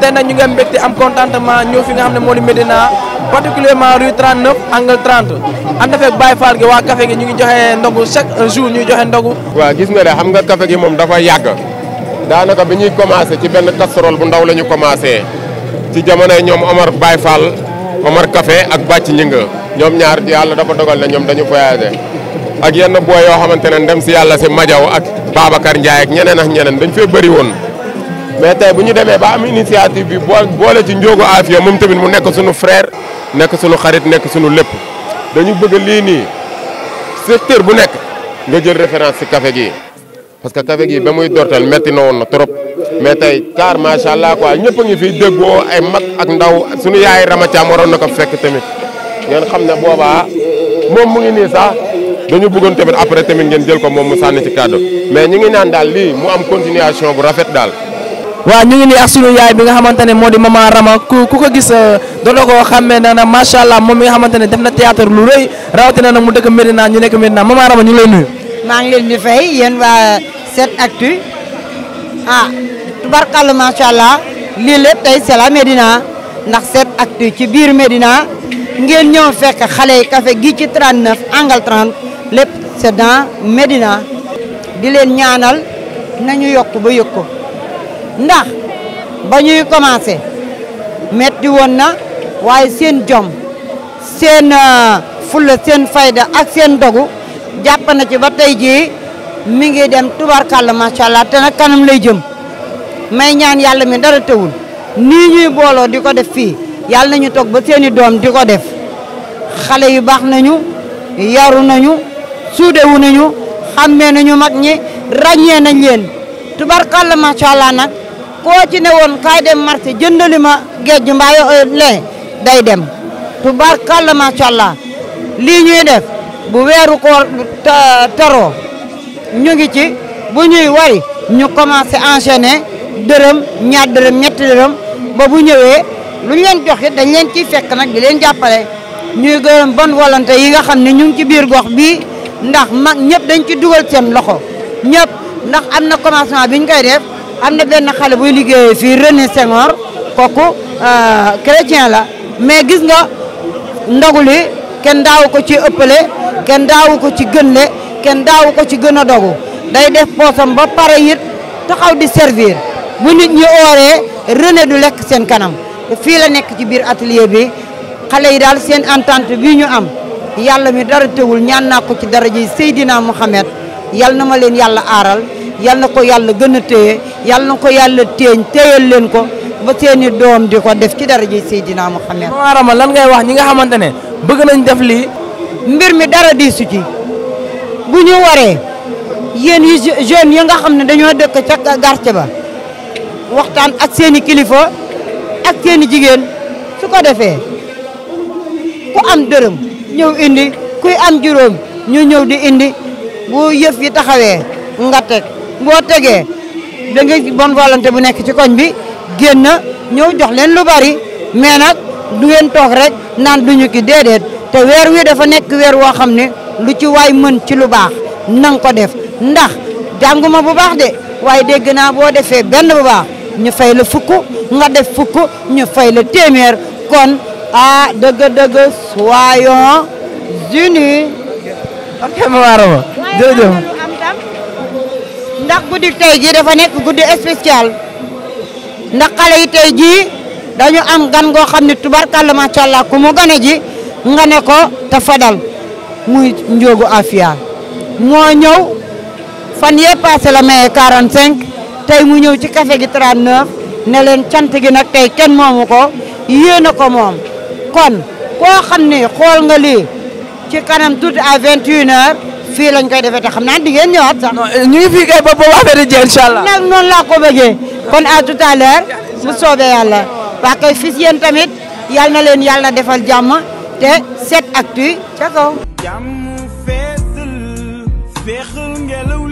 tey nag ñu ngi am mbégte am contentement ñëw fi nga xam ne moo di Médina particulièrement rue 39 angle 30 ànd fekk Baye Fall gi waa café gi ñu ngi joxe ndogu chaque jour ñuy joxe ndogu waa gis nga de xam nga café gi moom dafa yàgg daanaka bi ñuy commencé ci benn casserole bu ndaw la ñu commencé ci jamonoy ñoom Omar Baye Fall Omar kafe ak Bàcc Ñinga ñoom ñaar yàlla dafa dogal ne ñoom dañu voyagé ak yenn booy yoo xamante ne ndem si yàlla si Madiaw ak Babacar Ndiaye ak ñeneen ak ñeneen dañ fee bëri woon mais tey bu ñu demee ba am initiative bi boole ci Ndiogou Afia bin tamit mu suñu frère nekk suñu xarit nekk suñu lépp dañu bëgg lii ni secteur bu nek nga jël référence ci café gi parce que café gi ba muy dortal metti na won trop mais tay car macha allah quoi ñepp ngi fi déggoo ay mag ak ndaw suñu yaay Rama Thiam fekk tamit ñen xamne boba mom mu ngi ni sax dañu bëggon tamit après tamit ngeen jël ko mom mu sanni ci cadeau mais ñi ngi naan dal li mu am continuation bu rafet dal waaw ñu ngi nii ak sunu yaay bi nga xamante ne moo di maman Rama ku ku ko gis euh, dootoo ko xàmmee na na macha allah moom mi nga xamante ne def na théâtre lu rëy rawatina nag mu dëkk Medina ñu nekk Medina maman Rama ñu ngi lay nuyu. maa ngi leen di fay yéen waa 7actu ah tubarkalla macha allah lii lépp tey c'est la Medina ndax 7actu ci biir Medina ngeen ñëw fekk xale yi café gi ci 39 angle 30 lépp c'est dans Medina di leen ñaanal nañu yokk ba yëg ko ndax ba ñuy commencé metti woon na waaye seen jom seen euh, fulla seen fayda ak seen dogu jàpp na ci ba tey ji mi ngi dem tubarkàlla macha allah te nag kanam lay jëm may ñaan yàlla mi dara tewul nii ñuy booloo di ko def fii yàlla nañu toog ba seeni doom di ko def xale yu baax nañu yaru nañu suudewu nañu xàmmee nañu mag ñi ràññee nañ leen tubarkàlla macha allah nag koo ci ne woon kaay dem marché jëndali ma géej mbaa euh, lee day dem tubarkalla macha allah lii ñuy def bu weeru koor teroo ñu ngi ci bu ñuy wari ñu commencé enchaîner dërëm ñaar dërëm ñetti dërëm ba bu ñëwee lu ñu leen joxe dañ leen ci fekk nag di leen jàppale ñuy gërëm bonne volonté yi nga xam ne ñu ngi ci biir gox bii ndax mag ñëpp dañ ci dugal seen loxo ñëpp ndax am na commencement bi ñu koy def am na benn xale buy liggéeyee fii René Senghor kooku euh, chrétien la mais gis nga ndoguli kenn daawu ko ci ëppale kenn daawu ko ci gënle kenn daawu ko ci gën a dogu day def poosam ba pare it taxaw di servir bu nit rëne du lekk seen kanam fii la nekk ci biir atelier bi xale yi daal seen entente bi ñu am yàlla mi dara teewul ñaan naa ko ci dara ji Seydina Mouhamed yàlla na ma leen yàlla aaral yal na ko yàlla gën a téye yal na ko yàlla téeñ téyal leen ko ba seeni doom di ko def ci dara ji Seydina Muhammad. Arama lan ngay wax ñi nga xamante ne bëgg nañ def lii. mbir mi dara diisu ci bu ñu waree yéen yi jeunes yi nga xam ne dañoo dëkk ca quartier ba waxtaan ak seeni kilifa ak seeni jigéen su ko defee ku am dërëm ñëw indi kuy am juróom ñu ñëw di indi bu yëf yi taxawee nga teg. boo tegee da nga bonne volonté bu nekk ci koñ bi génn ñëw jox leen lu bari mais nag du ngeen toog rek naan duñu ki déedéet te weer wi dafa nekk weer woo xam ne lu ci waay mën ci lu baax nang ko def ndax jànguma bu baax de waaye dégg naa boo defee benn bu baax ñu fay la fukk nga def fukk ñu fay la téeméer kon a dëgg-dëgg soyons unis ok ma waarama jërëjëf ndax guddi tey jii dafa nekk guddi spécial ndax xale yi tey jii dañu am gan goo xam ne tubarkalla macha allah ku mu gane ji nga ne ko te fadal muy njóogu Afia moo ñëw fan yee passé la maye tey mu ñëw ci kafe gi 39 ne leen cant gi nag tey kenn moomu ko yéen a ko moom kon koo xam ne xool nga lii ci kanam tuuti à 21 fii lañ koy defee te xam naa di ngeen ñëwaat sax. ñu ngi fii kay ba boobu affaire yi jeex incha laa ko bëggee kon à tout bu soobee yàlla waa kay tamit yal leen yàlla defal jàmm te set actu ca kaw. jàmm feetal feexal ngelaw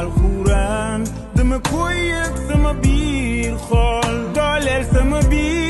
الخوران دم كويت ثم بيل خال دالل ثم بيل